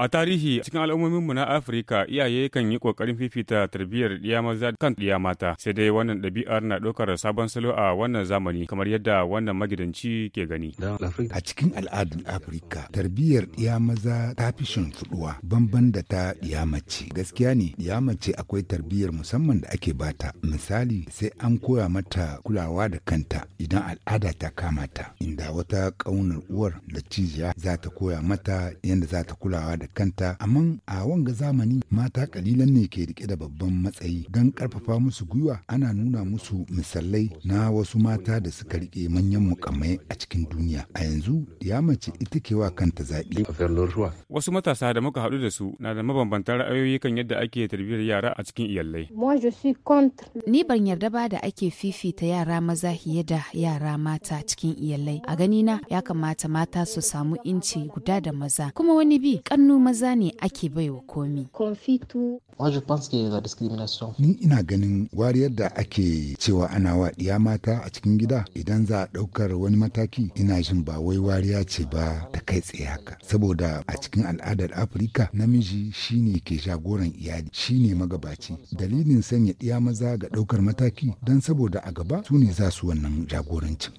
A tarihi cikin mu na Afirka iyaye kan yi ƙoƙarin fifita tarbiyyar ɗiya maza kan ɗiya mata sai dai wannan ɗabi'ar na ɗaukar sabon salo a wannan zamani kamar yadda wannan magidanci ke gani. A cikin al'adun Afirka tarbiyyar ɗiya maza ta fi shimfiɗuwa bamban da ta ɗiya mace. Gaskiya ne ɗiya mace akwai tarbiyyar musamman da ake bata misali sai an koya mata kulawa da kanta idan al'ada ta kama ta inda wata ƙaunar uwar da cijiya za ta koya mata yadda za ta kulawa da kanta amma a wanga zamani mata kalilan ne ke rike da babban matsayi don karfafa musu gwiwa ana nuna musu misalai na wasu mata da suka rike manyan mukamai a cikin duniya a yanzu ya mace ita ke wa kanta zaɓi. wasu matasa da muka haɗu da su na da mabambantan ra'ayoyi kan yadda ake tarbiyyar yara a cikin iyalai. ni ban yarda ba da ake fifita yara maza fiye da yara mata cikin iyalai a ganina ya kamata mata su samu inci guda da maza kuma wani bi kannu maza ne ake baiwa komi. Ni ina ganin wariyar da ake cewa ana wa ɗiya mata a cikin gida idan za a ɗaukar wani mataki ina jin ba wai wariya ce ba ta kai tsaye haka. Saboda a cikin al'adar Afirka namiji shi ne ke jagoran iyali shi ne magabaci. Dalilin sanya ɗiya maza ga ɗaukar mataki don saboda a gaba su ne za su wannan jagorancin.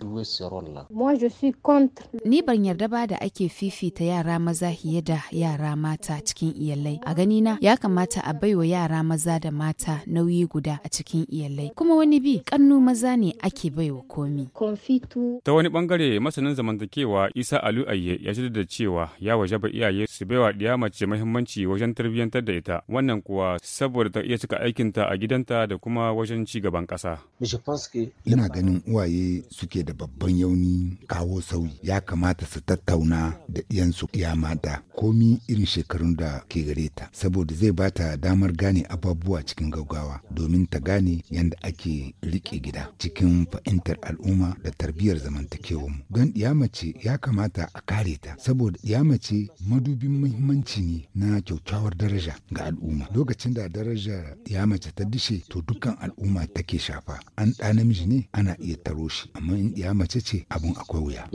Ni ban yarda ba da ake fifita yara maza fiye da yara yara mata cikin iyalai a ganina ya kamata a baiwa yara maza da mata nauyi guda a cikin iyalai kuma wani bi kannu maza ne ake baiwa komi ta wani bangare masanin zamantakewa isa alu ayye ya da cewa ya wajaba iyaye su baiwa ɗiya mace mahimmanci wajen tarbiyyantar da ita wannan kuwa saboda ta iya cika aikinta a gidanta da kuma wajen ci gaban ƙasa ina ganin uwaye suke da babban yauni kawo sauyi ya kamata su tattauna da ɗiyansu ya mata komi irin shekarun da ke gare ta saboda zai ba ta damar gane ababuwa cikin gaggawa domin ta gane yadda ake riƙe gida cikin fahimtar al'umma da tarbiyyar zamantakewar mu don ɗiya mace ya kamata a kare ta saboda ɗiya mace madubin muhimmanci ne na kyaukyawar daraja ga al'umma lokacin da daraja ɗiya mace ta dishe to dukkan al'umma take shafa an ɗa namiji ne ana iya taro shi amma in ɗiya mace ce abun akwai wuya.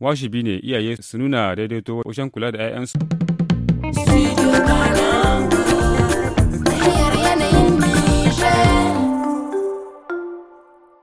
Washibi ne iya iyaye su nuna daidaito wajen kula da 'ya'yansu.